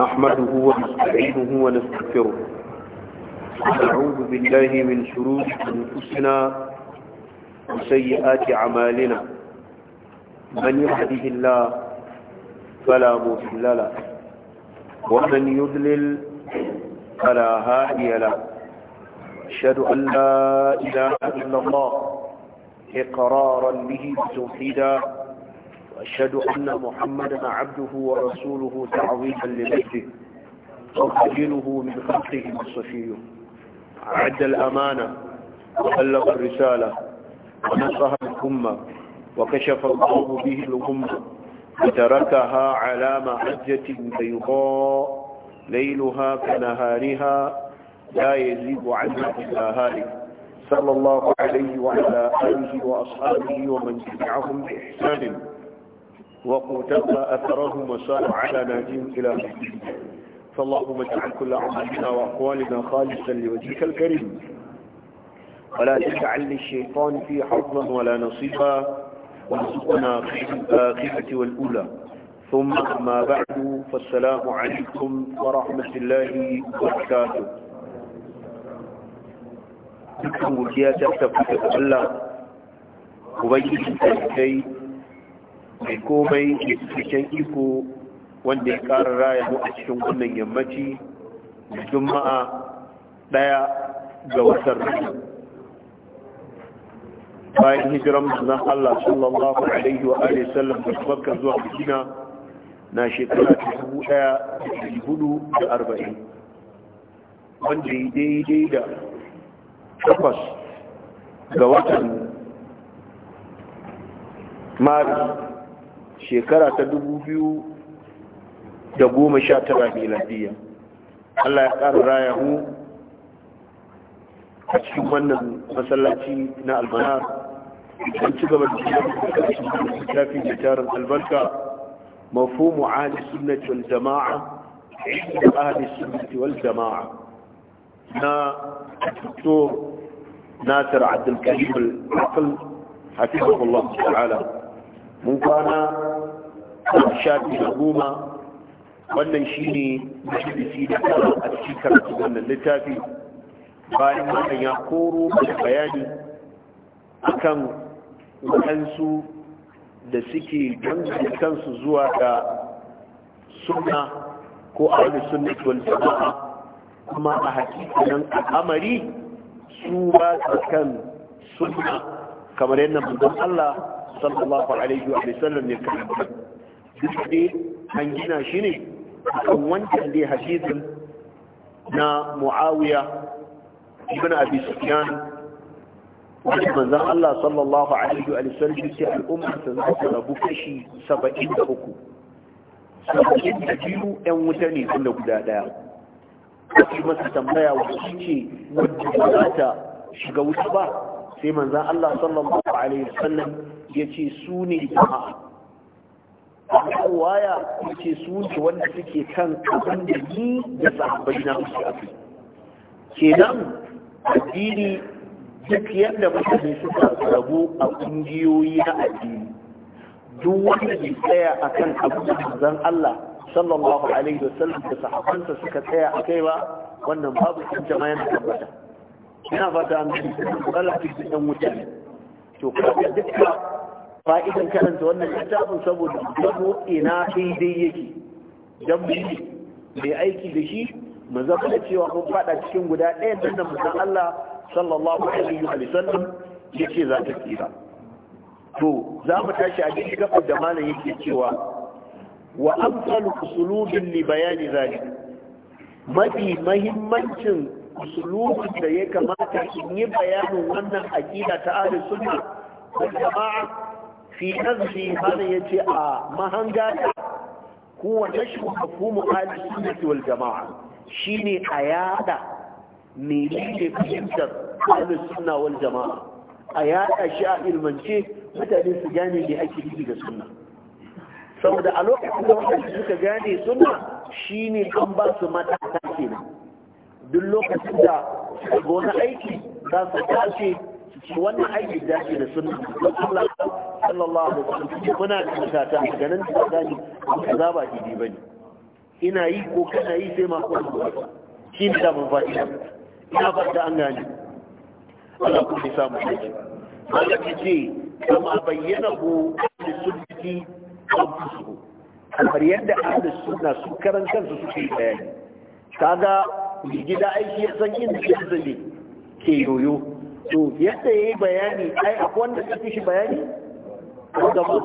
نحمده ونستعينه ونستغفره ونعوذ بالله من شرور أنفسنا وسيئات أعمالنا من يهده الله فلا مضل له ومن يضلل فلا هادي له أشهد أن لا إله إلا الله إقرارا به توحيدا وأشهد أن محمدا عبده ورسوله تعظيما لنفسه وخجله من خلقه الصفي أعد الأمانة وبلغ الرسالة ونصها الأمة وكشف الله به الأمة وتركها على محجة بيضاء ليلها كنهارها لا يزيد عنها إلا هالك صلى الله عليه وعلى آله وأصحابه ومن تبعهم بإحسان وقتلنا أثرهم وساروا على ناديهم إلى فاللهم اجعل كل عملنا وأقوالنا خالصا لوجهك الكريم ولا تجعل للشيطان في حظا ولا نصيبا وارزقنا خير الآخرة والأولى ثم أما بعد فالسلام عليكم ورحمة الله وبركاته dukkan godiya تكتب الله وبيت Allah mai komai da cikin iko wanda ya ƙara raya a cikin wannan yammaci da juma'a ɗaya ga watan bayan hijiran na Allah sallallahu alaihi wa Alaihi sallam da Makka zuwa bikina na shekara ta 1440 wanda ya daidai da takwas ga watan Maris shekara ta dubu biyu da goma sha tara miladiya Allah ya ƙara raya mu a cikin wannan masallaci na almanar an ci gaba da cikin tafi da tarin albarka mafhumu ahli sunnati wal jama'a da ahli sunnati wal jama'a na doktor nasir abdul karim al-aql hafizahullah ta'ala mun kwana shafi da goma wannan shi ne majalisi da kara a cikin karatu wannan littafi bayan wannan ya koro da bayani akan waɗansu da suke dangane kansu zuwa ga sunna ko ahli sunnati wal jama'a kuma a hakikanin al'amari su ba kan sunna kamar yadda manzon Allah sallallahu alaihi wa sallam ya karanta duk dai an gina shi ne kan wancan dai hadisin na Muawiya ibn Abi Sufyan wanda manzon Allah sallallahu alaihi wa sallam ya ce al'umma ta za ta rabu kashi 73 biyu 'yan wuta ne tun guda ɗaya. Wasu masu tambaya wasu ce wadda ba za ta shiga wuta ba sai manzan Allah sallallahu alaihi wasallam ya ce su ne jama'a a waya ya ce su ne wanda suke kan abin da ni da sahabbai na musu a nan addini duk yadda mutane suka rabu a ƙungiyoyi na addini duk wanda bai tsaya akan abin da manzan Allah sallallahu alaihi wasallam da sahabansa suka tsaya a kai ba wannan babu kan jama'a na tabbata ina fata an ɗan wuta ne to kuma duka fa'idan karanta wannan littafin saboda gano ina daidai yake don mai aiki da shi mu zama da cewa mun faɗa cikin guda ɗaya tun da musan Allah sallallahu alaihi wa sallam yake za ta tsira to za mu tashi a cikin gafar da malam yake cewa wa amsalu usulubin li bayani zalik mafi mahimmancin usulubin da ya kamata in yi bayanin wannan aƙida ta ahli sunna da jama'a fi nazari hana ya a mahanga huwa na mafhumu ahli sunna wal jama'a shine a yada menene fahimtar ahli sunna wal jama'a a yada shi a ilmance mutane su gane ne ake yi da sunna saboda a lokacin da suka gane sunna shine an ba su matata kenan duk lokacin da daga wani aiki za su tashi su wannan aiki da ke da sun Allah sallallahu alaihi kuna muna da ta ganin da gani kaza ba daidai bane ina yi ko kana yi sai ma ko shi ne da mun fa'ida ina fata an gani. Allah ku bisa mu shi Allah ki ce kama bayyana ku da sunnati kamar yadda ahlus sunna su karan kansu suke bayani kaga gida aiki ya san inda ya zabe ke yoyo to yadda ya yi bayani ai a wanda ya fi shi bayani ko gaba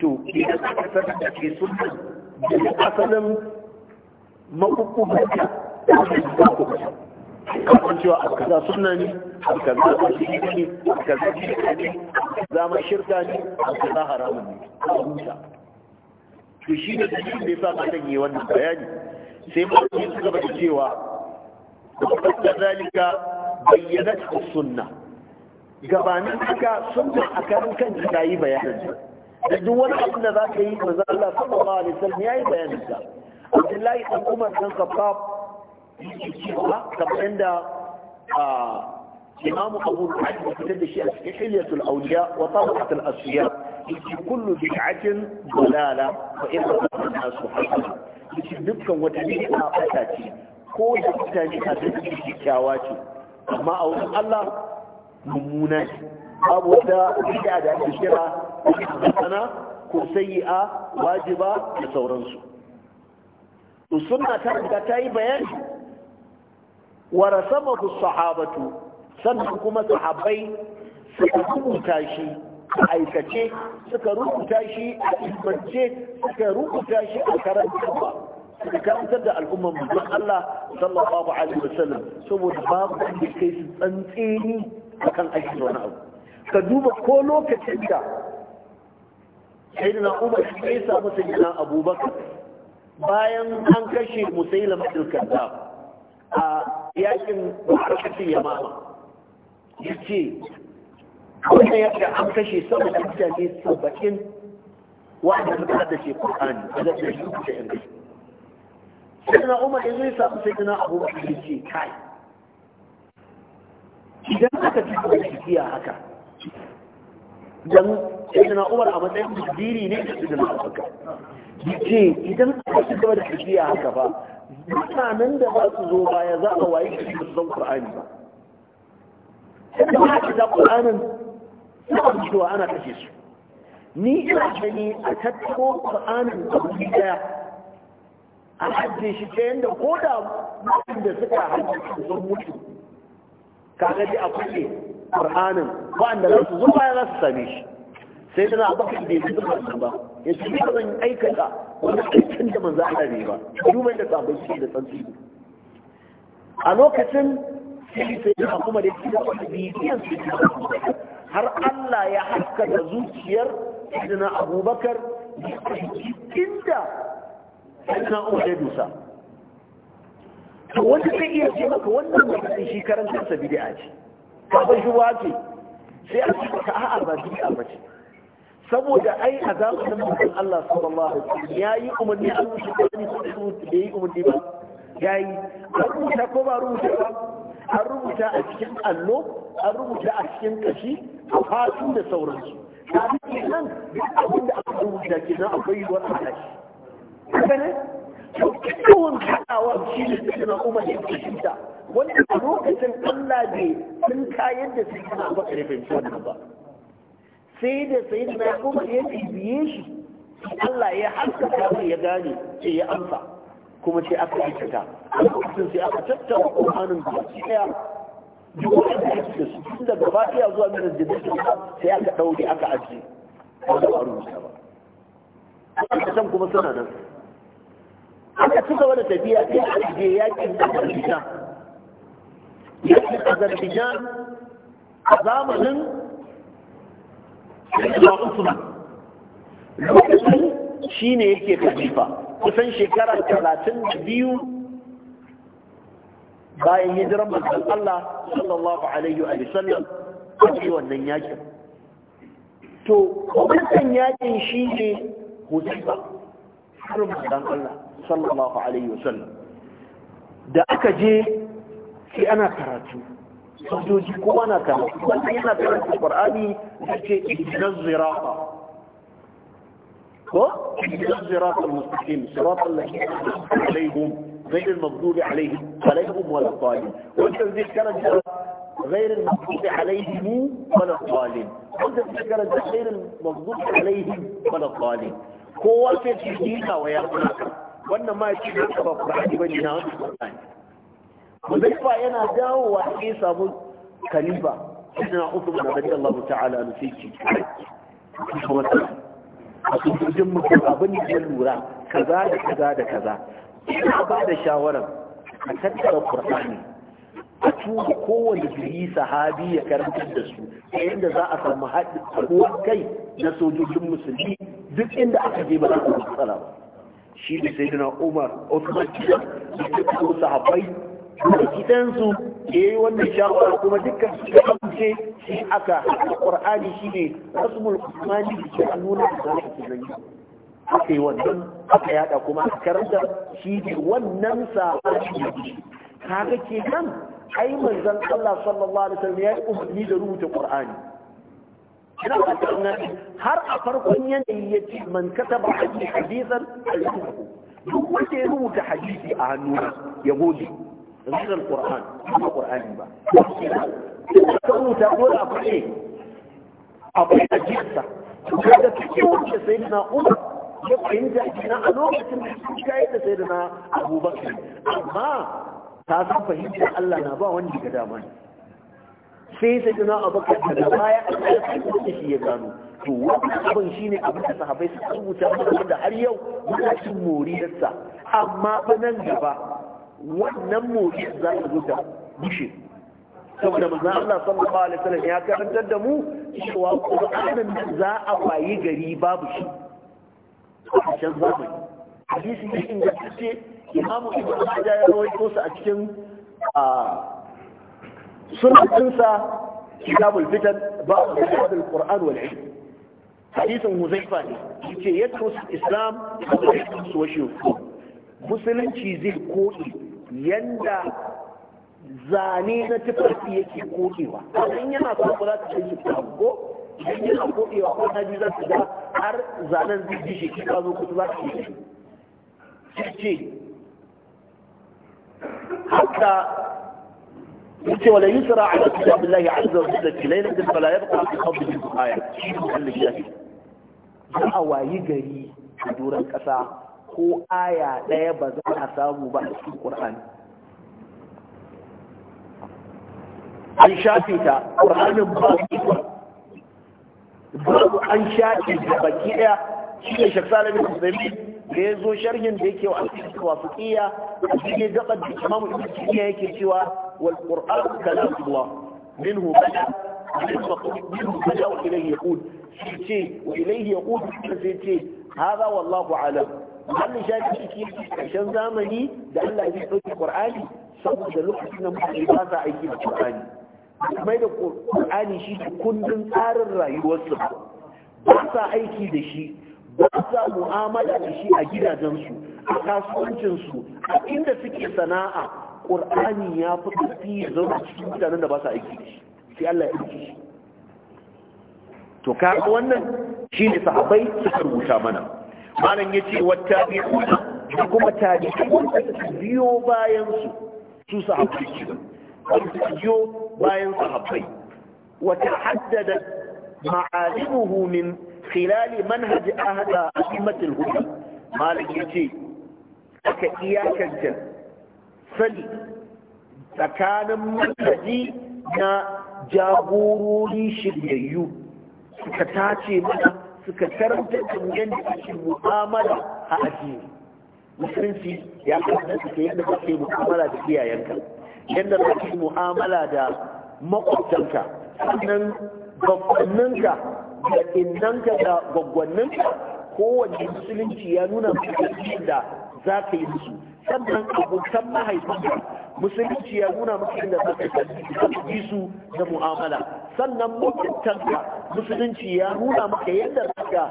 to idan aka san da ke sunan da asalin makukumanta da makukumanta kamar cewa a kaza suna ne a kaza wajibi ne a kaza shirka ne mu shirka ne a kaza haramun ne a huta to shi ne da shi ne sa matan yi wannan bayani sai ba su yi gaba da cewa وقبل ذلك بينته السنة gabanin haka sunna a karin kan ta yi bayanin da duk wani abin da za ta yi manzo Allah sallallahu alaihi wasallam yayi bayanin sa Abdullahi dan Umar dan Khattab cewa kamar yanda Imam Abu Hanifa fitar da shi a cikin Hilyatul Awliya wa Tabaqatul Asfiya yake kullu bid'atin dalala wa dukkan wata bid'a fata ko da ne a da kyakkyawa ce amma a wurin Allah mummuna ce babu wata bid'a da ake kira sana ko a wajiba da sauransu to sunna ta riga ta yi bayani wa rasamahu sahabatu sannan kuma sahabbai suka rubuta shi a aikace suka rubuta shi a ilmance suka rubuta shi a ba. da karantar da al'umman mutum Allah sallallahu alaihi wasallam saboda babu wanda kai su tsantseni akan aiki wani abu ka duba ko lokacin da sayyidina Umar shi ya samu sayyidina Abubakar bayan an kashe Musailam al-Kazzab a yakin Harkati Yamama yace wannan yadda an kashe sama da mutane saba'in wa'anda suka hada shi Qur'ani da da shi da Sai na umar ya zai samu sayyidina da ke ce kai idan aka ci gaba da tafiya haka dan na umar a matsayin jiri ne da sayyidina abubakar ya ce idan aka ci gaba da tafiya haka ba mutanen da za su zo baya za a waye da su san qur'ani ba da haka da qur'anin sai a ana kashe su ni ina gani a tattako qur'anin abu daya a hajji shi ta yadda ko da mutum da suka hajji sun mutu ka gaji a kulle qur'anin wa'anda za su zo baya za su same shi sai da abubakar bai yi zuwa ba ya ci ba zan aikata wani aikin da manzo Allah ne ba duba da sabon shi da tsantsi a lokacin sai sai da kuma da shi da bibiyan su har Allah ya haskaka zuciyar Sayyidina Abubakar inda sannan umar ya dusa to wanda zai iya ce maka wannan mutum shi karan kansa bid'a ce ka ba shi wace sai a ce ka a'a ba bid'a ba ce saboda ai a zamanin mutum Allah sallallahu alaihi wasallam yayi umarni an mushi da ko da yi umarni ba Ya yi. an rubuta ko ba rubuta ba an rubuta a cikin allo an rubuta a cikin kashi a fatu da sauransu kafin nan duk abin da aka rubuta kenan akwai wani halashi kasane to kiwon haɗawa shi ne suna umar ya fi ta wanda a lokacin Allah bai sun kayan da su suna ba kare fahimci wannan ba sai da sai na umar ya bibiye shi Allah ya haska kamar ya gane sai ya amsa kuma sai aka aikata a lokacin sai aka tattara ƙoƙarin baki ɗaya jihohin da ake su tun daga fatiya zuwa mina jibin sai aka ɗaure aka ajiye wanda ba rubuta ba a can kuma suna nan aka ci gaba da tafiya sai aka je yakin Azerbaijan yakin Azerbaijan a zamanin Sayyidina Usman lokacin shi ne yake khalifa kusan shekara talatin da biyu bayan hijiran manzon Allah sallallahu alaihi wa sallam a wannan yakin to wannan yakin shi ne hudaiba har manzon Allah sallallahu alaihi wasallam da aka je sai ana karatu sojoji ko ana karatu wannan yana karanta qur'ani sai ce ihdina zirata ko ihdina zirata al-mustaqim sirata alladhina an'amta alaihim غير المغضوب عليهم عليهم ولا الضالين والتنزيل كان غير المغضوب عليهم ولا الضالين والتنزيل كان غير المغضوب عليهم ولا الضالين kowa sai shi dina wannan ma shi ne ba Qur'ani bane na wannan Qur'ani Huzaifa yana dawowa sai samu khalifa Sayyidina Uthman radiyallahu ta'ala anhu sai ki kuma a cikin mutum abin da ya lura kaza da kaza da kaza ina ba da shawarar a tattara Qur'ani a tura kowane jiri sahabi ya karantar da su A yadda za a samu haɗin kai na sojojin musulmi duk inda aka je ba za a matsala ba shi da sai duna umar osman kiyar da suka kuma sahabbai da kitansu da ya yi wannan shawara kuma dukkan su ka kamce shi aka haka ƙwar'ani shi ne rasmul usmani da ke nuna da zama ke zanyi aka yi wannan aka yada kuma a karanta shi ne wannan sahabi da shi kaga ke nan ai manzon Allah sallallahu alaihi wasallam ya yi umarni da rubuta ƙwar'ani na fata nabi har a farkon yanayi ya ce man kata ba ake hadisan alhuku duk wanda ya rubuta hadisi a hannu ya gode rizal qur'an ba qur'ani ba ta rubuta ko a fa'i a fa'i hadisa da take wuce sai na umar ya fahimta kina a lokacin da shi kai da sai da na abubakar amma ta san fahimta Allah na ba wani ga dama ne sai sai dina abubakar daga baya a da shi ya gano to wannan abin shi ne abin da sahabai suka rubuta da har yau muna cin moriyarsa amma fa nan gaba wannan moriyar za ta zo ta bushe saboda manzon Allah sallallahu alaihi wasallam ya karantar da mu cewa Qur'anin nan za a wayi gari babu shi a can zamani hadisi ne ingantacce imamu ibnu majah ya rawaito su a cikin suna tsinsa kitabul fitan ba da kitabul qur'an wal ilm hadisin huzaifa ne yace yadda islam su washe musulunci zai koɗi yanda zane na tufafi yake koɗewa in yana so za ta kai su ko idan yana koɗewa ko na biyu za ta ga har zanen zai ji shi kuma yace wala yusra ala kitabillahi azza wa jalla kilaylan fala yabqa fi qalbihi aya Allah shi za a wayi gari a duran ko aya ɗaya ba za a samu ba a cikin Qur'ani an shafe ta Qur'anin ba babu an shafe ta baki ɗaya. shi ne shaksana bin Usaimin da ya zo sharhin da yake wa alfiya wasu kiya a cikin gabar da imamu ibn yake cewa والقرآن كلام الله منه بدأ منه بدأ وإليه يقول شيء وإليه يقول شيء هذا والله أعلم هل شاكي شيء عشان زمني ده الله يجي في القرآن saboda lokacin da mutane ba za a yi da Qur'ani mai da Qur'ani shi ne kundin tsarin rayuwarsu ba sa aiki da shi ba sa mu'amala da shi a gidajensu a kasuwancinsu a inda suke sana'a ƙur'ani ya fi ƙarfi ya cikin mutanen da ba su aiki da shi sai Allah ya aiki shi to ka wannan shi ne sahabbai suka rubuta mana malam ya ce wata bi da kuma tabi'i wanda suka biyo bayan su su sahabbai kenan wanda suka biyo bayan sahabbai wata haddada ma'alimuhu min manhaji, manhaj a a'immatul huda malam ya yace aka iyakance sani tsakanin mutane na jagorori shiryayyu suka tace mana suka karanta jami'an da ake mu'amala a addini musulunci ya da suke yadda kake mu'amala da iyayenka yadda kake mu'amala da makwabtanka sannan gwagwanninka da innanka da gwagwanninka kowane musulunci ya nuna mutane da za ka yi musu sannan abokan mahaifinka musulunci ya nuna maka inda za ka yi su da mu'amala sannan mutuntanka musulunci ya nuna maka yadda za ka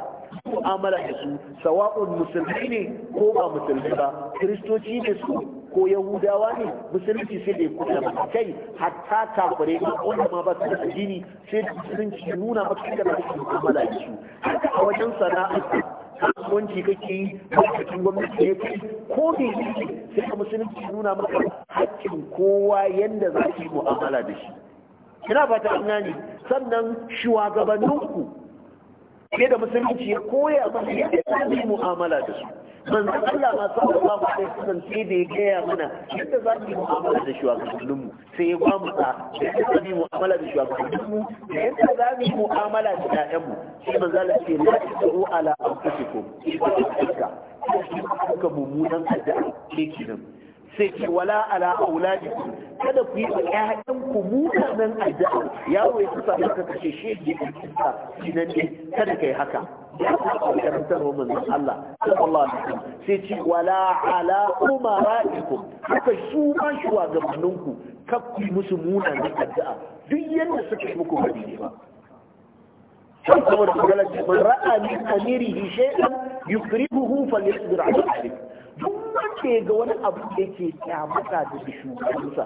mu'amala da su sawa'un musulmi ne ko ba musulmi ba kiristoci ne su ko yahudawa ne musulunci sai da kuɗa maka kai hatta kafirai ma wanda ma ba su da sai da musulunci nuna maka inda za ka mu'amala da su haka a wajen sana'a kasuwanci kake yi ma'aikacin gwamnati ne kai ko me yake sai ka musulunci nuna maka hakkin kowa yadda za ki mu'amala da shi ba fata ina ne sannan shuwagabanninku. ne da musulunci ya koya mana yadda za mu yi mu'amala da su manzan Allah ma sallallahu su san sai da ya gaya mana yadda za mu yi mu'amala da shugabannin mu sai ya bamu sa yadda za mu yi mu'amala da shugabannin mu da yadda za mu yi mu'amala da ƴaƴan mu sai manzon Allah ce la tu'u ala anfusikum ibaduka kuka mummunan addu'a ke kinan sai ce wala ala auladikum kada ku yi ƴaƴan ku mutanen addu'a Yaro ya kusa maka kashe shi ne kinta kinan ne kada kai haka ya kuma karantar manzon Allah sallallahu alaihi wasallam sai ce wala ala umaraikum haka su ma shugabanninku kakku musu munanan addu'a duk yanda suka yi muku hadisi ba sai saboda magana man ra'a min amirihi shay'an yukrihuhu falyasbir ala dhalik duk wanda ya ga wani abu da yake kyamata da shugabansa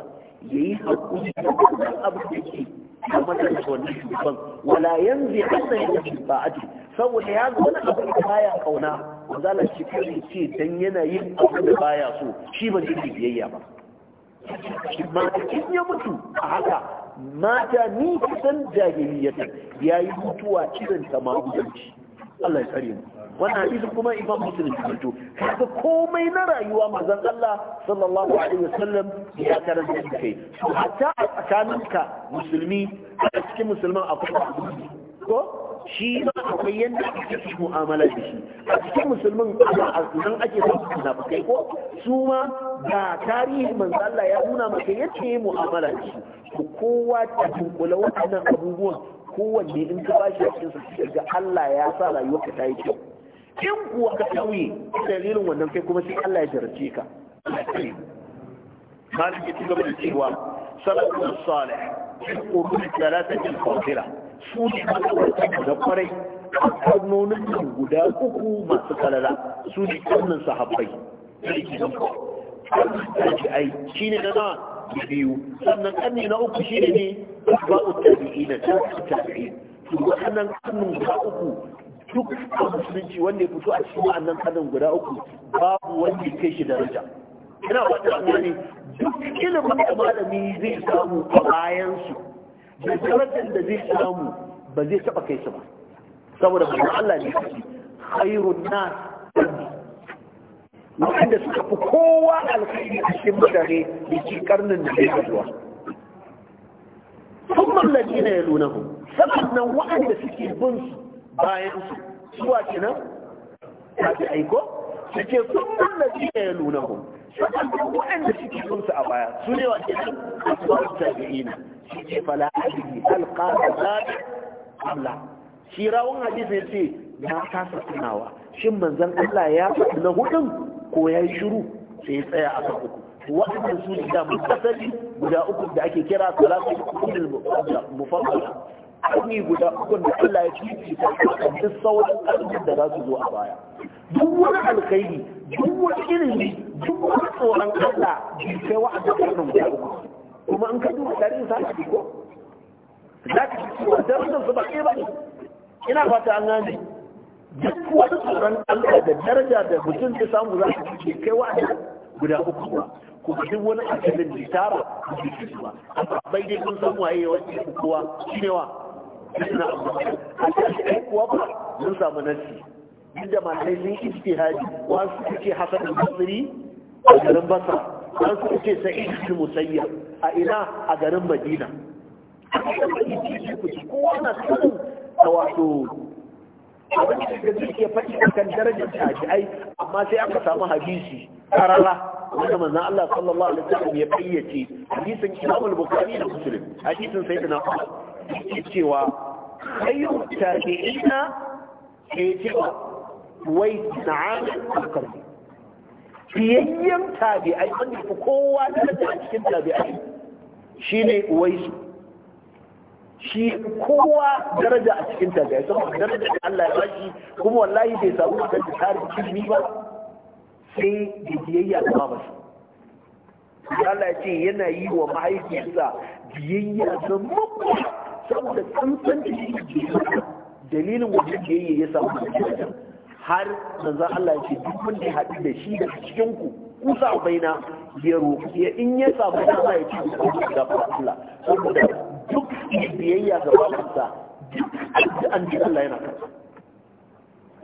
ya yi haƙuri da wannan abu da yake kyamata da wannan shugaban wala yanzu ya yadda shi ba aji saboda ya ga wani abu da baya kauna zala shi kai ce dan yana yin abu da baya so shi ba zai biyayya ba ma in ya mutu a haka mata ni kusan jahiliyyata ya yi mutuwa irin ta magudanci Allah ya tsare mu wannan kuma imam muslim ya kaga komai na rayuwa manzon Allah sallallahu alaihi wasallam ya karanta kai hatta a tsakaninka musulmi a cikin musulman akwai ko shi ma akwai yadda ake cikin mu'amala da shi a cikin musulmin nan ake ko su ma ga tarihin manzo Allah ya nuna maka yadda ya mu'amala da shi kowa ta dunkula waɗannan abubuwan kowanne in ka bashi a cikin sa ga Allah ya sa rayuwar ka ta yi kyau in kuwa ka tauye dalilin wannan kai kuma sai Allah ya jarrace ka Malik ya ci gaba da cewa salatu salih qurun thalathati al-qasira su ne masu da kwarai karnonin nan guda uku masu kalala su ne karnin sahabbai shi ne na biyu sannan karni na uku shine ne ba'u tabi'ina tabi'u tabi'in to wannan kanun guda uku duk a musulunci wanda ya fito a cikin wannan kanun guda uku babu wanda ya kai shi daraja ina wata amfani duk ilimin da malami zai samu a bayan su da darajar da zai samu ba zai taba kai su ba saboda ba Allah ne kashi khairun nas wanda suka fi kowa alkhairi a cikin mutane da ke karnin da zai zuwa sun mallaki na ya nuna hu sannan waɗanda suke bin su bayan su zuwa kenan kafi aiko suke sun mallaki na ya nuna hu sannan waɗanda suke bin a baya su ne wa kenan asbabu tabi'ina shi ce fala adri alqa zabi amla shi rawun hadisi ya ce na kasa tunawa shin manzon Allah ya faɗi na hudun ko ya shiru sai ya tsaya a kan uku waɗannan su ne da mutasali guda uku da ake kira salatu kullul mufassala auni guda uku da Allah ya fifi ta duk sauran abubuwan da za su zo a baya duk wani alkhairi duk wani ilimi duk wani tsoron Allah bai kai wa'adin karnin guda uku kuma in ka duba tarihin sa ka ko za ka ci cewa darajar su ba ke ba ne ina fata an gane duk wani tsoron Allah da daraja da mutum ya samu za ka ci kai wa'adin guda uku ba kuma duk wani asalin da tara ba amma bai dai kun san waye wani kuwa shine wa ina amma kuwa ba mun samu nasi inda malamai sun ijtihadi wasu suke hasan al-basri a garin basra su suke sa'i ibn musayyab a ina a garin madina kowa na sanin wato abin da zai iya faɗi akan darajar tabi'ai amma sai aka samu hadisi karara wanda manzon Allah sallallahu alaihi wasallam ya bayyace hadisin Imam al-Bukhari da Muslim hadisin Sayyidina Umar yake cewa khayru tabi'ina ke cewa wai na'am al-qarni fiyayyen tabi'ai wanda kowa da cikin tabi'ai shine uwaisu shi kowa daraja a cikin ta gaisa kuma daraja da Allah ya bashi kuma wallahi bai samu da tarin ilimi ba sai da biyayya da mamasa Allah ya ce yana yi wa mahaifiyarsa biyayya da mabuwa saboda tsantsan da shi dalilin wajen biyayya ya samu da har manzo Allah ya ce duk wanda ya haɗu da shi da cikin ku kusa baina ya roƙi in ya samu da ya ce ku ga Allah saboda duk biyayya ga babansa duk an ji Allah yana kansa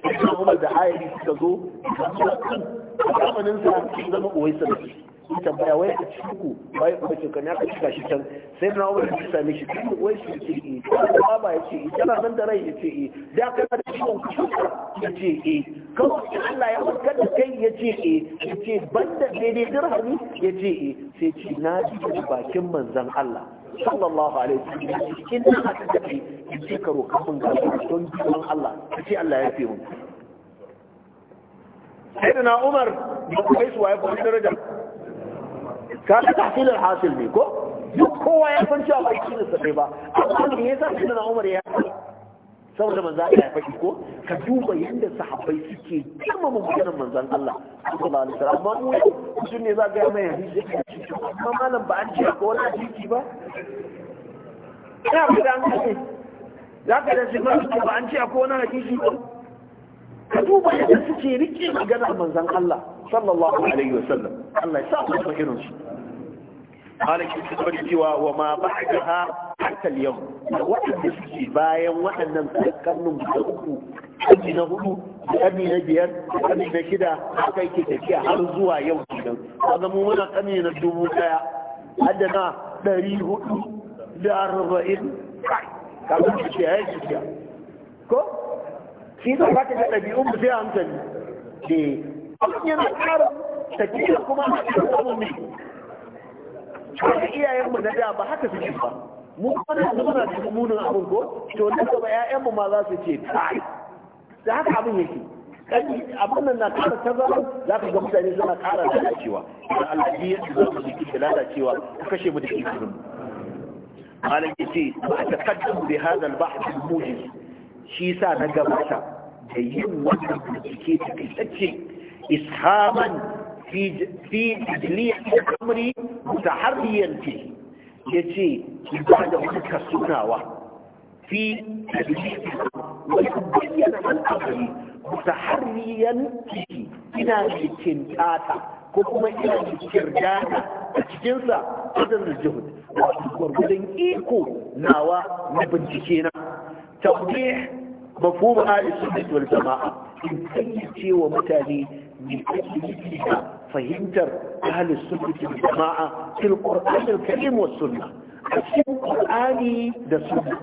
Ibn da Ayyari suka zo a zamanin sa zama uwai sanadi ya tambaya wai a cikin ku bai kuma ce kan ya ka cika shi can sai na wani ya sami shi duk wai shi ce eh kana da ba ya ce eh kana eh. nan da rai ya ce eh da ka da ciwon kuka ya ce eh kawai Allah ya warka da kai ya ce eh ya ce banda daidai dirhami ya ce eh sai ci na ji bakin manzon Allah sallallahu alaihi wasallam in na haka tafi in ce karo kafin ga gaba don girman Allah Ya ce Allah ya fi mu sayyidina Umar ba ku kai su waye ba darajar ka ga tahsilul hasil ne ko duk kowa ya san cewa ba shi ne sai ba amma me yasa shi na Umar ya yi saboda manzo Allah ya faɗi ko ka duba yanda sahabbai suke girmama maganar manzon Allah sallallahu alaihi wasallam amma mu mutum ne za ga mai hadisi amma malam ba an ce ko wani hadisi ba ina fita an kace za ka da shi ba an ce ko wani hadisi ba ka duba yadda suke rike maganar manzon Allah sallallahu alaihi wasallam Allah ya sa su irin su malaki su bari cewa wa ma ba'daha hatta al-yawm wa'anda suke bayan waɗannan karnin da uku kaji na hudu kani na biyar kani na shida haka yake tafiya har zuwa yau kenan kaga mu mana kani na dubu ɗaya. adana ɗari hudu da arba'in kamar su ce ya yi ko shi ne ba ta da ɗabi'un ba sai hankali eh, abin yana ta tafiya kuma a cikin samun ne wanda iyayenmu na da ba haka suke ba mu kuma na zama cikin munin abin ko to nan gaba ƴaƴanmu ma za su ce tai da haka abin yake kai abin nan na ƙara tazara za ka ga mutane suna ƙara lalacewa idan Allah ya yi za mu jiki lalacewa ka kashe mu da mu. malam yace ba ta kaddamu bi hadha al-bahth al-mujiz shi sa na gabata da yin wannan bincike ta kai إسهاما في في تجلية الأمر متحريا فيه يجي بعد ذلك السناوة في تجلية ويبين الأمر متحريا فيه إلى الكنتاتا كما إلى الكرداتا أتجنسا قدر الجهد وأتجنسا إيكو ناوى نبنتكينا توضيح مفهوم آل السنة والجماعة in kayyace wa mutane من أجل فهمتر أهل السنة والجماعة في القرآن الكريم والسنة أكسب القرآني دا سنة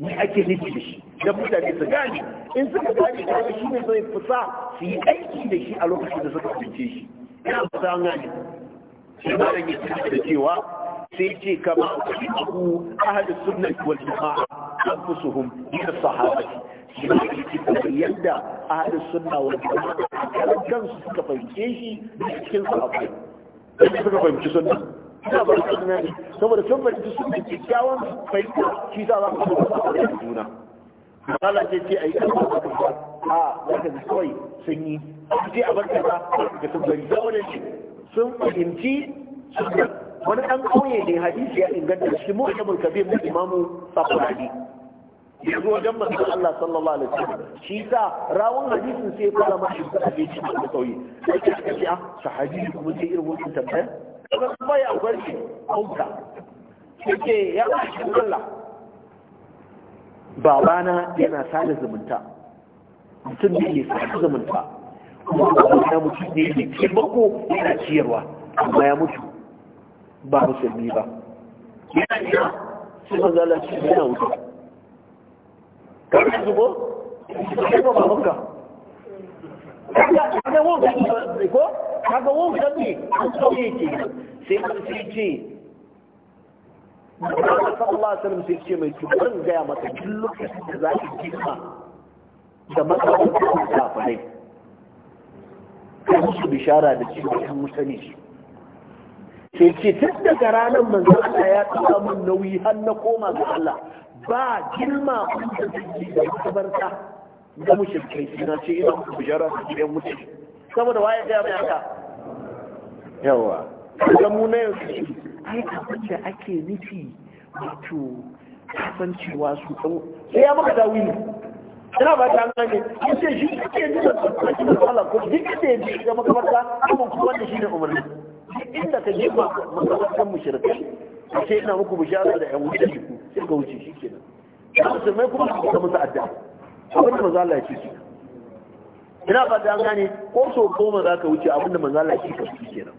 ni أجل nufi da shi da mutane su gane in suka gane kawai shi ne zai fusa su yi aiki da shi a lokacin da suka fice shi ina fusa an gane shi ba da yake da cewa sai ce kama abu ahli wal jama'a anfusuhum min as-sahabati yadda ahalin kansu suka fahimce shi da cikin da suka fahimci ba su ne sun fahimci kyakkyawan fahimta shi za a kuma da juna ce ce a yi kan a kawai sun yi a bar da sun bari sun fahimci wani ɗan ƙauye ne hadisi ya inganta shi mu'jamul kabir mu imamu sabani ya zo wajen manzon Allah sallallahu alaihi wasallam shi sa rawun hadisin sai ya zama shi da abinci da kauye sai ka ce ah sahabi kuma sai irin wannan tambaya kaga ba ya akwai shi auka yake ya ba shi Allah babana yana sada zumunta mutum ne ke sada zumunta kuma babana mutum ne ke taimako yana ciyarwa amma ya mutu ba musulmi ba yana ina sai manzon Allah shi yana wuce. wani zubo ke sai ce mai tuban gaya maka lokacin da za ki da matsalolin kafirai kai musu bishara da cewa kan mutane sai ce tun daga ranar manzon ya tsara nauyi har na koma ga Allah ba girma wanda zai da makabarta ga mushrikai suna ce ina ku bujara da gidan mutum saboda waye ga mai haka yawa ga mu na yanzu ai kafin da ake nufi wato kasancewa su tsawo sai ya maka ne ina ba ta gane in ce shi ke yanzu da tsakin da ko duk da yanzu ga makabarta kuma kuma wanda shi ne umarni inda ka je ba makabartan mushrikai a ce ina muku bishara da yan wuce ku sai ka wuce shi kenan da musulmai kuma su kusa musu addu'a abin da manzo Allah ya ce shi ina ba da gane ko so goma za ka wuce abin da manzo Allah ya ce ka shi kenan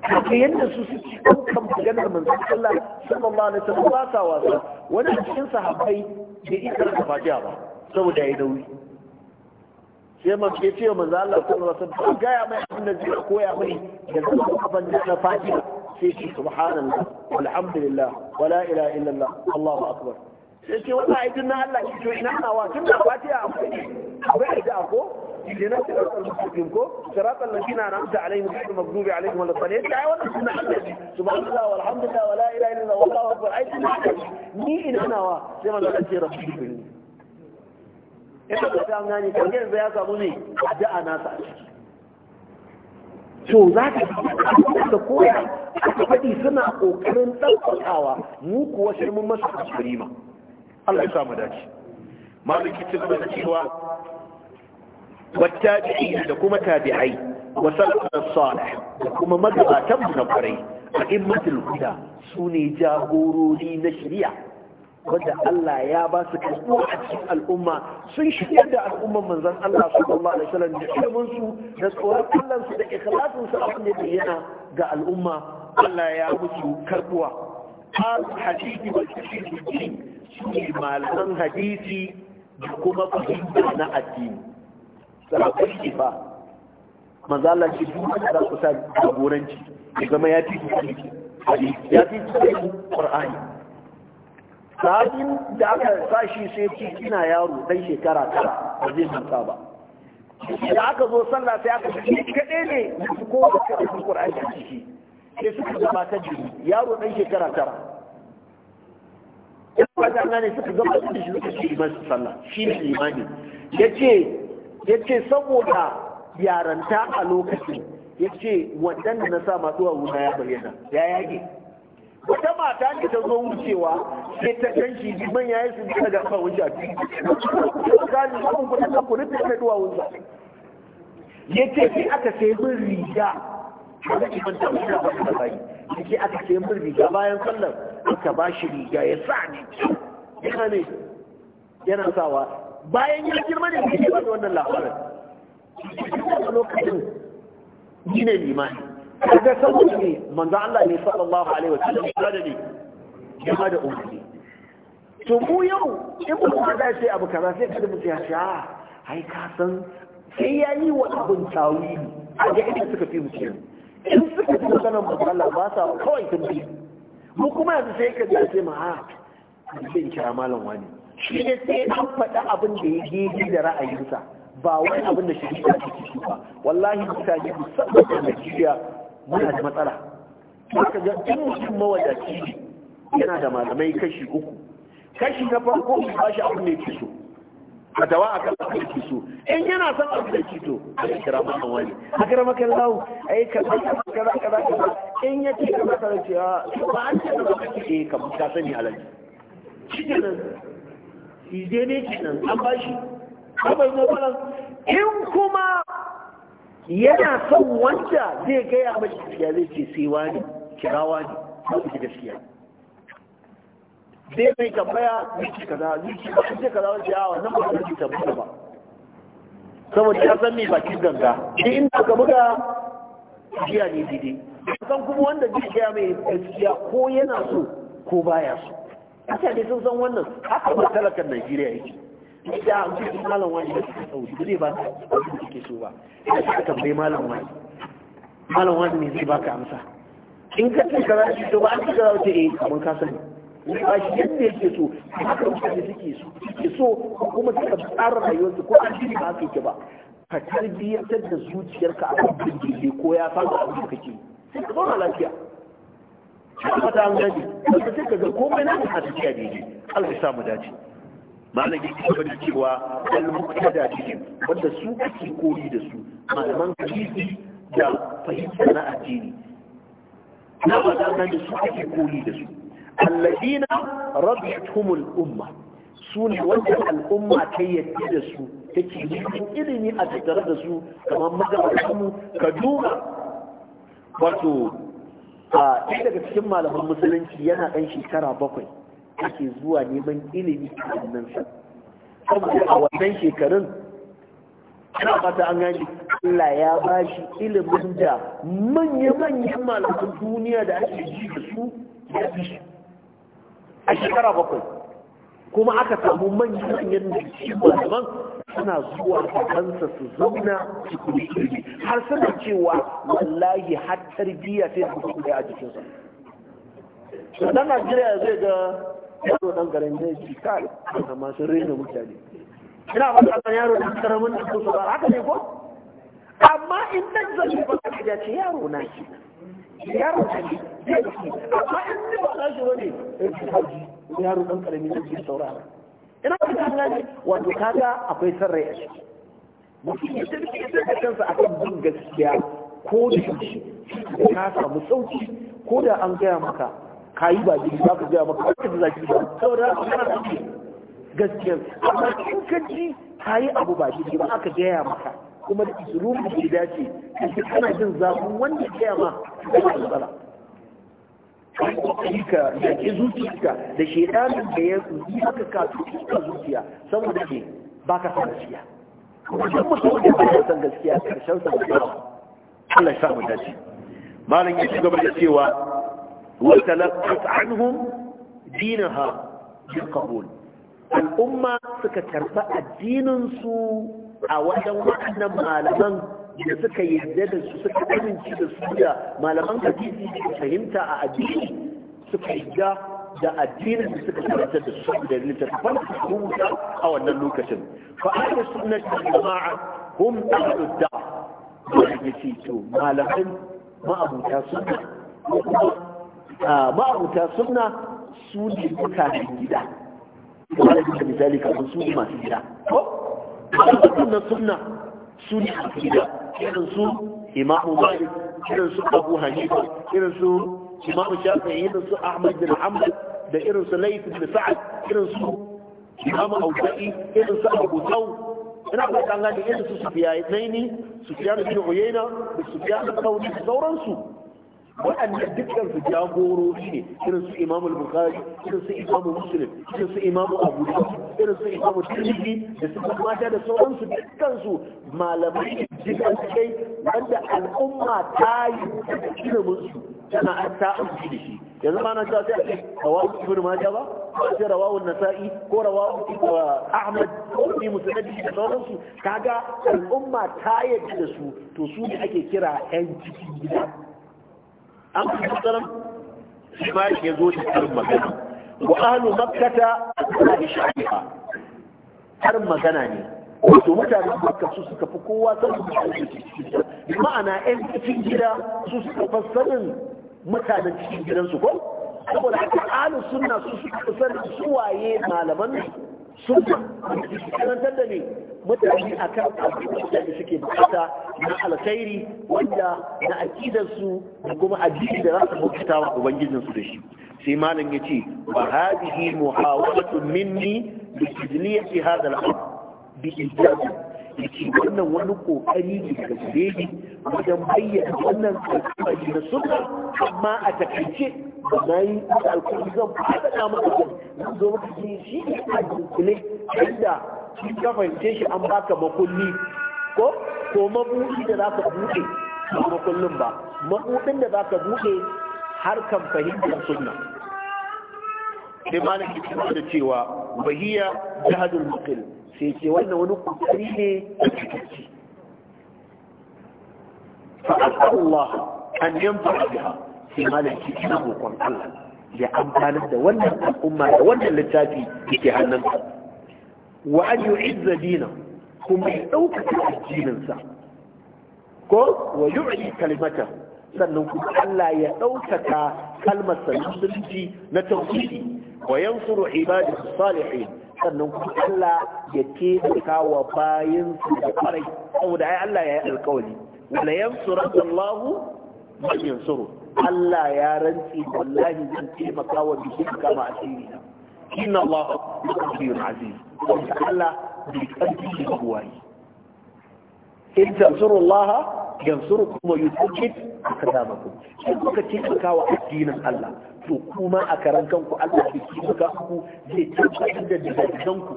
haka yadda su suke ɗaukan maganar manzo Allah sallallahu alaihi wasallam ba sa wasa wani a cikin sahabbai bai iya karanta fatiha ba saboda ya nauyi sai man ke ce manzo Allah sallallahu alaihi wasallam ga ya mai abin da zai koya mai da zama abin da na fatiha sai ce subhanallah walhamdulillah wala ilaha illallah allahu akbar sai ce aikin na Allah shi to ina nawa tun da fatiha akwai akwai da ko idan ka dauka musulmin ko siratan ladina an'amta alaihim ghayril maghdubi alaihim waladdallin ai wannan sunna Allah subhanallah walhamdulillah wala ilaha illallah wallahu akbar aikin ni ina nawa sai manzo Allah ce rabbi bin ina da gani kan yanzu ya samu ne addu'a nasa a ciki to za ka ji da koya aka faɗi suna ƙoƙarin ɗaukakawa mu kuwa shi mun masu ma Allah ya sa mu dace maliki tun da cewa wattabi'i da kuma tabi'ai wa salafus salih da kuma magabatan mu na kwarai a immatul huda sune jagorori na shari'a wanda Allah ya ba su karɓo a cikin al'umma sun shirya da al'umman manzan Allah sallallahu alaihi wasallam da ilimin su da tsoron Allah su da ikhlasin su abin da yana ga al'umma Allah ya musu karbuwa al hadisi wal tafsiri shi malaman hadisi da kuma fahimta na addini sarakun kifa manzo Allah shi duk da ku da jagoranci zama ya fi hadisi ya fi Qur'ani sabin da aka sashi sai ce ina yaro dan shekara ta ba zai manta ba da aka zo sallah sai aka ce kaɗai ne su ko da suka ɗauki ƙur'ani a ciki sai suka gabatar da yaro dan shekara tara ya ba ta gane suka gabatar da shi suka ci liman sallah shi ne imani. ya ce saboda yaranta a lokacin ya ce waɗanda na sa masu wuna ya bayyana ya yage wata mata ne ta zo wucewa sai ta canci shi man yayi su duka ga ba wuce a cikin gani kun kuɗa ta ku rufe ta duwa wuce ya ce aka sai min riga wanda kuma ta wuce ba ta bayi yake aka sai min riga bayan sallar aka ba shi riga ya sa ni yana ne yana sawa bayan ya girma ne ke ba da wannan labarin lokacin shi ne limani kaga saboda ne manzo Allah ne sallallahu alaihi wasallam da ne kuma da umarni to mu yau in mu ka da sai abu kaza sai kada mu ce a ah, ai ka san sai ya yi wa abun tawi a ga idan suka fi mu ce in suka fi sanan manzo Allah ba sa kawai tambayi mu kuma yanzu sai ka ce ma ha ah, kin kira malam wani shi ne sai an faɗa abin da ya gidi da ra'ayinsa ba wai abin da shi ne ba wallahi mutane musamman da Najeriya muna da matsala haka ga in mutum mawadaci ne yana da malamai kashi uku kashi na farko ba shi abin ne ke so a dawa a kan abin ke so in yana son abin da ke so a yi kira masa wani a kira maka lau a yi kaza kaza kaza kaza kaza in ya ce kaza kaza ce a ah, ba an ce kaza kaza ce eh, ka ka sani alaji shi ke nan ide ne ke nan an ba shi abai matsalan in kuma yana son wanda zai gaya mai gaskiya zai ce sai ne kirawa ne ba gaskiya zai mai tambaya zuci kaza zuci ba su ce kaza wani ce awa ah, nan ba su ci tambaya ba saboda ya san mai bakin ganga shi inda ka buga jiya ne daidai san kuma wanda zai gaya mai gaskiya ko yana so ko baya so mutane sun san wannan haka ba talakan najeriya yake da an ce malam wani da suka sauri zai ba ka abin da kake so ba da suka tambayi malam wani malam wani ne zai ba ka amsa in ka ce kaza shi to ba an ce kaza wace eh kamar ka sani ne ba shi yadda yake so a haka mutane suke so suke so kuma suka tsara rayuwarsu ko an shiri ba aka yake ba ka tarbiyyantar da zuciyarka a kan bincike ko ya fara abin da kake sai ka zauna lafiya haka ta an gaji da sai ka ga komai na a tafiya daidai Allah ya samu dace malam ya ci cewa al wanda su ake koyi da su malaman hadisi da fahimta na addini na ba da su ake koyi da su alladina rabbihumul umma su ne wanda al'umma ta yadda da su take yin ilimi a tattare da su kamar magabatan ka wato a ɗaya daga cikin malaman musulunci yana ɗan shekara bakwai ake zuwa neman ilimi a wannan sa saboda a wannan shekarun ana fata an gani Allah ya ba shi ilimin da manya-manyan malamin duniya da ake ji da su ya fi shi a shekara bakwai kuma aka samu manya-manyan da shi malaman suna zuwa kansa su zauna su kuri har suna cewa wallahi har tarbiyya sai su kuri a jikinsa. Sannan Najeriya zai ga yaro dan garin zai ci kai amma sun rena mutane ina ba ta yaro ɗan karamin da su ba haka ne ko amma in dan zai ba ka ga ce yaro na shi yaro na shi amma in ne ba za shi wani yaro dan karamin da ke saurara ina ba ta gane wato kaga akwai sarrai a shi mutum ya tafi da kansa akan bin gaskiya ko da shi ka samu sauki ko da an gaya maka ka yi ba gidi za ku gaya maka ba da zaki ba saboda haka kana da gaskiya amma in ka ji ka yi abu ba gidi ba aka gaya maka kuma da isrumi ke dace kashi kana jin zafin wanda gaya ma kana matsala ka yaki zuciyarka da shedanin da ya yi haka kafin ka zuciya saboda ke ba ka san gaskiya wajen mutum da ba san gaskiya karshen sa da Allah ya samu dace malam ya ci gaba da cewa وتلقت عنهم دينها بالقبول الأمة سكتربى الدين سو أولا وأنا مالبا da suka yarda da su suka amince da su da malaman hadisi da fahimta a addini suka da addinin da suka karanta da su da littattafan da su wuta a wannan lokacin fa ahlus sunnati jama'a hum ahlud da' wanda yake to malaman ma'abuta sunna kuma ma'abuta sunna su ne mutanen gida kamar da misali kamar su ne masu gida ko ma'abutan na sunna su ne masu gida irin su imamu malik irin su abu hanifa irin su imamu shafi'i irin su ahmad bin hanbal da irin su layth bin sa'ad irin su imamu auza'i irin su abu daud ina ba kan gani irin su sufiya naini sufiya bin uyayna da sufiya bin kauni da sauransu waɗannan dukkan su jagorori ne irin su imamu bukhari irin su imamu muslim irin su imamu abu irin su imamu tirmidhi da su mata da sauransu dukkan su malamai jikan kai wanda al'umma ta yi ilimin su tana an ta amfani da shi yanzu ma na cewa sai a ce rawahu ibn majah ba ko a ce rawahu nasa'i ko rawahu ahmad ko ibn musnad da sauransu kaga al'umma ta yadda da su to su ne ake kira yan cikin gida an fi tsaron shi ma ya zo da karin magana wa ahlu makkata da shafi'a har magana ne wato mutanen makka su suka fi kowa san su da cikin ma'ana yan cikin gida su suka fi mutanen cikin gidansu ko saboda haka ahlu sunna su suka fi sanin suwaye malaman sunna wanda karantar da ne mutane a kan abubuwan da suke bukata na alkhairi wanda na su, da kuma addini da za su bukata wa ubangijinsu da shi sai malam ya ce wa hadihi muhawalatu minni bi tijliyati hadha al-amr bi ijabi yake wannan wani kokari ne daga gare ni wajen bayyana wannan alƙawari na sunna amma a takaice ba na yi alƙawari zan faɗaɗa maka zan zan zo maka shi shi ne a dunkule inda shi ka fahimce shi an baka makulli ko ko mabuɗi da za ka buɗe ba makullin ba mabuɗin da za ka buɗe kan fahimtar sunna sai malaki da cewa bahiya jihadul muqil sai ce wannan wani kokari ne fa Allah an yanfa biha sai malaki ina roƙon Allah ya amfanar da wannan al'umma da wannan littafi yake hannunsa wa an yu'izza dina kuma ya ɗaukaka addininsa ko wa yu'li kalmata sannan kuma Allah ya ɗaukaka kalmar musulunci na tauhidi wa yansuru ibadihi salihin sannan kuma Allah ya taimaka wa bayin su da kwarai saboda ai Allah ya yi alkawari wala yansurallahu man yansuru Allah ya rantsi wallahi zan taimaka wa bikin kama asiri inna Allah qadirun aziz Allah bi qadri kuwai in tansurullaha yansurukum wa yuthabbit aqdamakum in kuka taimaka wa addinin Allah to kuma a karan kanku Allah bai kimaka ku zai tabbatar da ku.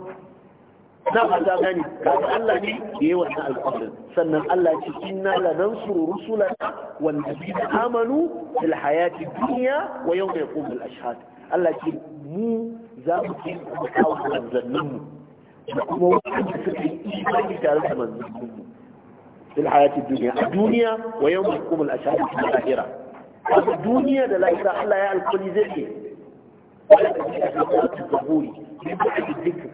na ba za gani kaga Allah ne da yayi wannan alƙawarin sannan Allah ya ce inna lanansuru rusulana wan nabiyina amanu fil hayati dunya wa yawma yaqumul ashhad Allah ya ce mu za mu ci mu kawo manzannin mu da kuma wanda suka yi imani tare da manzannin mu fil hayati dunya a duniya wa yawma yaqumul ashhad fil akhirah أبو الدنيا لا يصح لها يا الكل ذكي ولا أبي أبي أبي الضبوري من بعد الذكر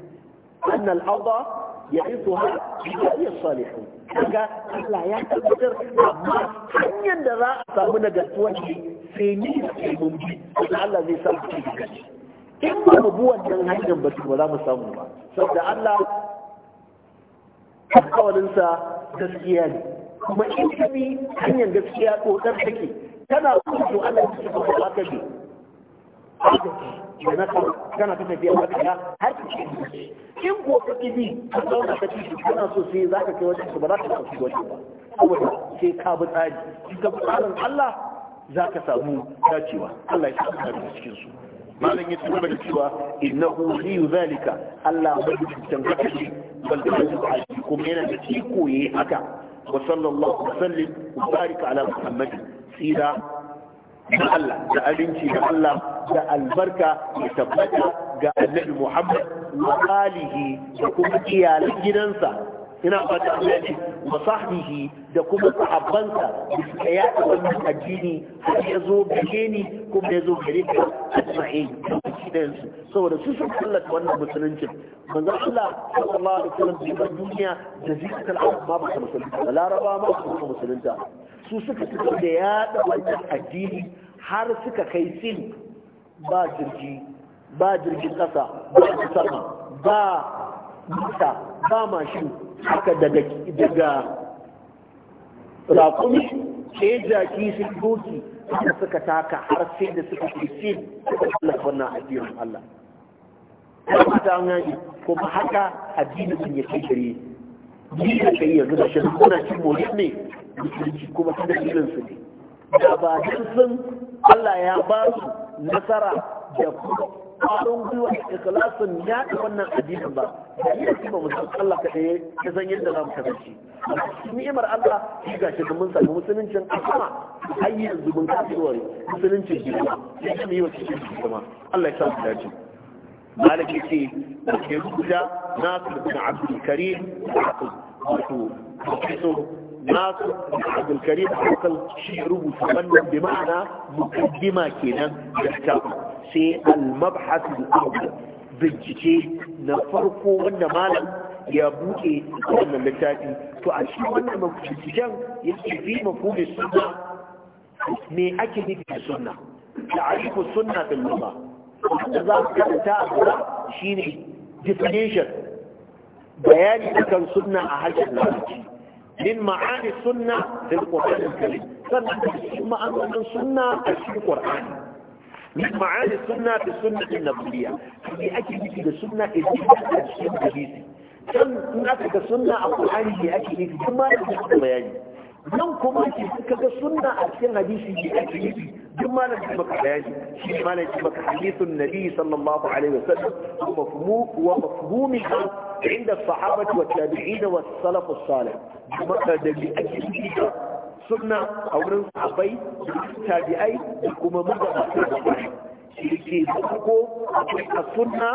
أن الأرض يعيثها بجالي الصالحون كذلك لا يعتبر أما حنيا لذا أطامنا جسوتي في نيس في ممجد لعل ذي سبتي بكش إما نبوة جنهاية بكي ولا مسامنا سبت الله أقول إنسا تسكياني وما إنسا بي حنيا تسكياكو تنحكي Tana kudu Allah ya cikin da haka ne da na tana ta tafiya wata ya har ki ci in ko ka kibi ka zauna ka ci kana so sai za ka kai wata ba za ka kai wata ba saboda sai ka bi tsari in ka bi tsarin Allah za ka samu dacewa Allah ya samu ka cikin su malam ya tsaba da cewa innahu li zalika Allah ba shi tantaka shi bal da kuma yana da ciko yayi haka وصلى الله وسلم وبارك على محمد tsira da Allah da abinci da Allah da albarka da tabbata ga annabi Muhammad wa alihi da kuma iyalan gidansa ina fata Allah ya ce wa da kuma sahabbansa da suka yaɗa wannan addini har ya zo gare ni kuma ya zo gare ka ajma'in ɗayansu saboda su sun tallata wannan musulunci manzon Allah sallallahu alaihi wasallam bai bar duniya da zikr al ma ba ta musulunta da laraba ma ba ta musulunta su suka fito da yaɗa wannan addini har suka kai sin ba jirgi ba jirgin ƙasa ba sama ba mata ba mashin haka daga daga rakumi ke jaki su doki da suka taka har sai da suka ke sin da tsallaka wannan addinin Allah kuma ta an kuma haka addinin sun ya kai gare ni da kai yanzu da shirin kuna cin mori ne musulunci kuma ta dalilin su ne da ba sun Allah ya ba su nasara da kuma ƙwarin gwiwa da ikhlasin ya da wannan addinin ba da iya ci ba Allah ka ɗaya ya san yadda za mu kasance ni'imar Allah shi ga shi mun samu musuluncin asama har yanzu mun kasuwar musuluncin girma ya ci mu yi wa cikin girma Allah ya sa mu dace malik yake da ke rubuta nasir bin abdul karim wato wato nasir bin abdul karim shi rubuta wannan bi ma'ana mukaddima kenan da ta. sai al-mabhas al-awwal bincike na farko wanda malam ya buɗe wannan littafi to a shi wannan binciken yake fi mafhumin sunna me ake nufi da sunna ta'arifu sunna bil lugha wanda za ka karanta a gaba shine definition bayani akan sunna a harshen larabci min ma'ani sunna fil qur'an al-karim sannan ma'anonin sunna a cikin qur'ani min ma'ani sunna fi sunnatin nabawiyya me ake nufi da sunna idan ka cikin hadisi dan in aka ga sunna a Qur'ani me ake nufi kuma da bayani nan kuma ke suka ga sunna a cikin hadisi ne a cikin duk malam ji maka bayani shi malam ji maka hadithun nabi sallallahu alaihi wasallam mafhum wa mafhumiha inda sahabati wa tabi'in wa salaf as-salih kuma da bi ake sunna a wurin abai da tabi'ai da kuma magabata da kwarai shi ke ko a sunna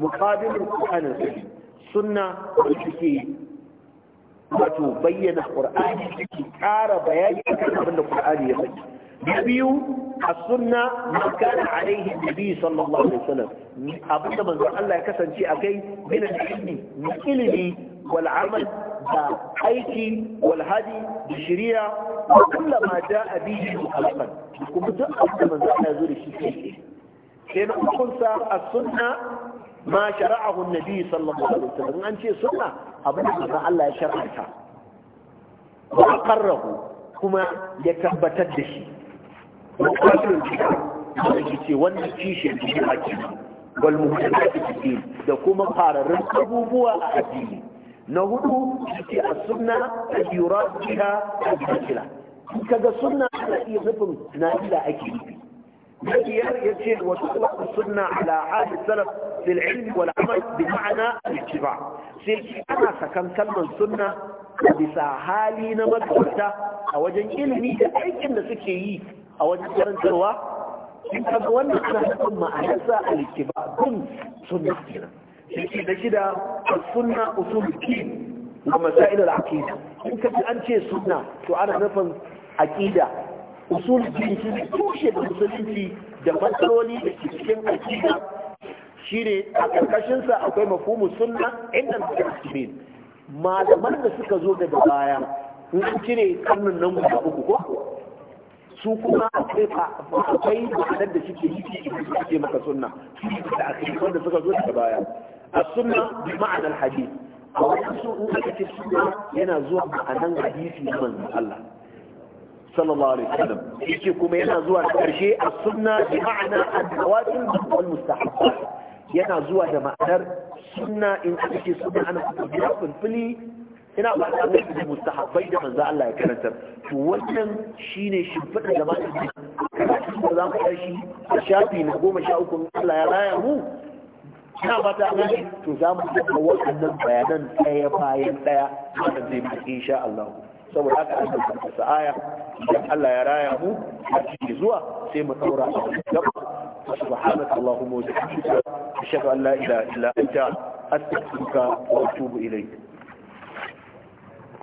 muqabilul qur'anin sunna sunna da take wato bayyana qur'ani take ƙara bayani akan abin da qur'ani ya faɗi na biyu a sunna ma kana alaihi biyu sallallahu alaihi wasallam da manzo Allah ya kasance a kai akai bin ilmi ilimi wal amal da aiki walhadi da shiriya kulla ma ja a bihi muhammad kuma duk abin da zai zo da shi sai sai na hukunsa a sunna ma shara'ahu nabi sallallahu alaihi wasallam an ce sunna abin da manzo Allah ya shar'anta wa aqarrahu kuma ya tabbatar da shi wa qatilul jihad ce wannan kishi ne ake wal muhtadati da kuma fararin abubuwa a addini na hudu shi a sunna a yura biha a bakila in ka ga sunna ana iya nufin nafila ake nufi na biyar ya ce wa tutlaqu sunna ala ahli salaf bil ilmi wal amal bi ma'ana al sai ana sakan kalmar a bisa hali na magabata a wajen ilimi da aikin da suke yi a wajen karantarwa in ka wannan ana nufin ma'anarsa al-ittiba bin sunna kenan shi da shida a sunna usul din ga masail in ka an ce suna, to ana nufin aqida usul din shi tushe da musulunci da matsaloli da cikin aqida ne a ƙarƙashinsa akwai mafhumu sunna inda al-muslimin malaman da suka zo daga baya in an cire karnin nan guda uku ko su kuma akwai akwai ma'anar da suke yi ke idan suke maka sunna da akai wanda suka zo daga baya as-sunna bi ma'anar hadith a wajen su in cikin ce sunna yana zuwa ma'anar hadisi na manzon Allah sallallahu alaihi wasallam yake kuma yana zuwa da karshe as-sunna bi ma'ana al-nawafil wal mustahabbat yana zuwa da ma'anar sunna in aka ce sunna ana kuma fulfili ina ba ta da mustahabbai da manzo Allah ya karanta to wannan shine shimfiɗa da ba karatu da za mu tashi a shafi na 13 Allah ya raya mu ina ba ta gani to za mu taɓa wannan bayanan daya bayan daya da zai mu insha Allah saboda haka an tabbata sa aya idan Allah ya raya mu a cikin zuwa sai mu ɗaura a gaba سبحانك اللهم وبحمدك أشهد أن لا إله إلا أنت أستغفرك وأتوب إليك